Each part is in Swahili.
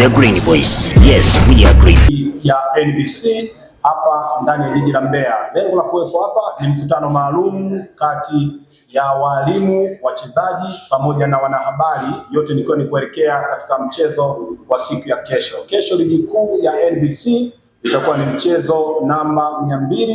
The Green Voice. Yes, we agree. Ya NBC hapa ndani ya jiji la Mbeya. Lengo la kuwepo hapa ni mkutano maalum kati ya walimu, wachezaji pamoja na wanahabari, yote nikiwa ni kuelekea katika mchezo wa siku ya kesho. Kesho ligi kuu ya NBC itakuwa ni mchezo namba 230 mbili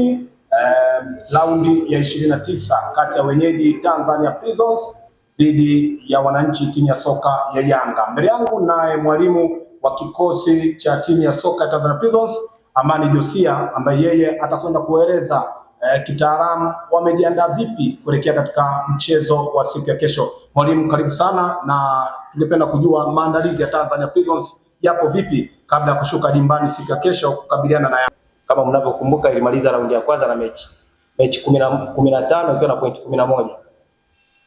eh, raundi ya 29 kati ya wenyeji Tanzania Prisons dhidi ya wananchi timu ya soka ya Yanga. Mbele yangu naye mwalimu wa kikosi cha timu ya soka ya Tanzania Prisons Amani Josia, ambaye yeye atakwenda kueleza eh, kitaalamu wamejiandaa vipi kuelekea katika mchezo wa siku ya kesho. Mwalimu, karibu sana, na tungependa kujua maandalizi ya Tanzania Prisons yapo vipi kabla ya kushuka dimbani siku ya kesho kukabiliana na Yanga. Kama mnavyokumbuka, ilimaliza raundi ya kwanza na mechi mechi kumi na tano ikiwa na pointi kumi na moja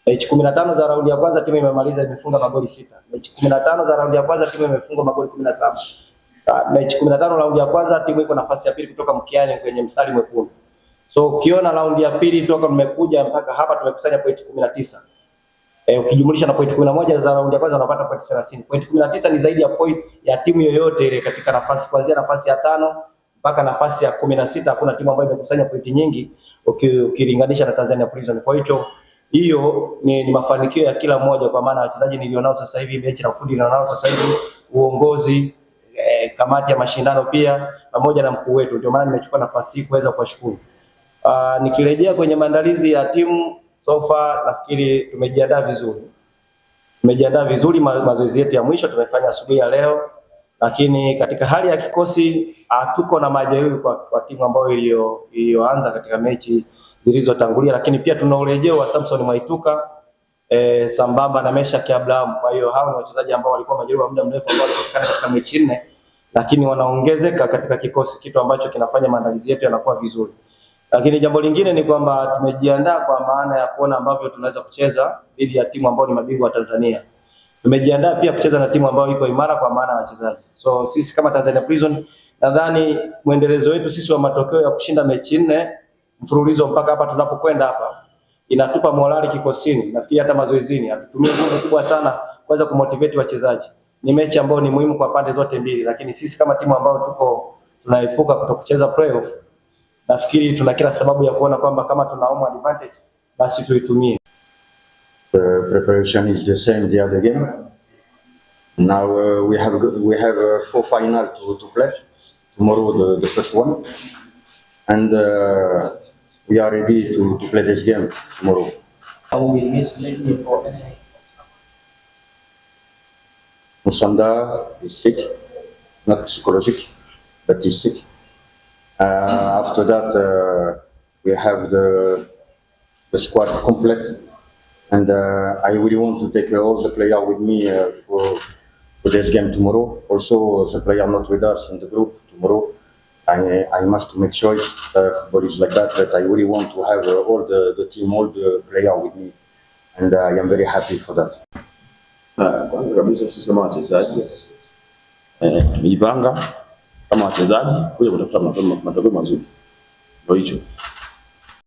Mechi 15 za raundi ya kwanza timu imemaliza imefunga magoli sita. Mechi 15 za raundi ya kwanza timu imefunga magoli 17. na ah, Mechi 15 raundi ya kwanza timu iko nafasi ya pili kutoka mkiani kwenye mstari mwekundu. So ukiona raundi ya pili toka mmekuja mpaka hapa tumekusanya pointi 19. na E, ukijumlisha na pointi 11 za raundi ya kwanza unapata pointi 30. Pointi 19 ni zaidi ya point ya timu yoyote ile katika nafasi kuanzia nafasi ya tano mpaka nafasi ya 16 Hakuna timu ambayo imekusanya pointi nyingi ukilinganisha na Tanzania Prison. Kwa hiyo hiyo ni, ni mafanikio ya kila mmoja, kwa maana wachezaji nilionao sasa hivi, benchi la ufundi nilionao sasa hivi, uongozi eh, kamati ya mashindano pia pamoja na mkuu wetu. Ndio maana nimechukua nafasi hii kuweza kuwashukuru. Uh, nikirejea kwenye maandalizi ya timu so far, nafikiri tumejiandaa vizuri, tumejiandaa vizuri. Mazoezi yetu ya mwisho tumefanya asubuhi ya leo, lakini katika hali ya kikosi hatuko ah, na majeruhi kwa, kwa timu ambayo iliyoanza katika mechi zilizotangulia, lakini pia tuna urejeo wa Samson Maituka e, sambamba na Meshack Abraham. Kwa hiyo hao ni wachezaji ambao walikuwa majeruhi muda mrefu ambao walikosekana katika mechi nne, lakini wanaongezeka katika kikosi, kitu ambacho kinafanya maandalizi yetu yanakuwa vizuri. Lakini jambo lingine ni kwamba tumejiandaa kwa maana ya kuona ambavyo tunaweza kucheza dhidi ya timu ambayo ni mabingwa wa Tanzania. Tumejiandaa pia kucheza na timu ambayo iko imara kwa maana ya wachezaji. So sisi kama Tanzania Prison nadhani mwendelezo wetu sisi wa matokeo ya kushinda mechi nne mfululizo mpaka hapa tunapokwenda hapa, inatupa morali kikosini, nafikiri hata mazoezini atutumie nguvu kubwa sana kuweza kumotivate wachezaji. Ni mechi ambayo ni muhimu kwa pande zote mbili, lakini sisi kama timu ambayo tuko tunaepuka kutokucheza playoff, nafikiri tuna kila sababu ya kuona kwamba kama tuna home advantage basi tuitumie. Uh, preparation is the same the other game. Now uh, we have we have uh, four final to, to play tomorrow the, the first one and uh, we are ready to, to play this game tomorrow. I will miss Lately for anything. Musanda is sick, not psychologic, but he's sick. Uh, after that, uh, we have the, the squad complete, and uh, I really want to take all the players with me uh, for, for this game tomorrow. Also, the player not with us in the group tomorrow. I, I must make choice that uh, football is like that, that I really want to have uh, all the, the team, all the player with me. And I am very happy for that. kabisa sisi kama wachezaji kama wachezaji kuja kutafuta matokeo mazuri, ndio hicho.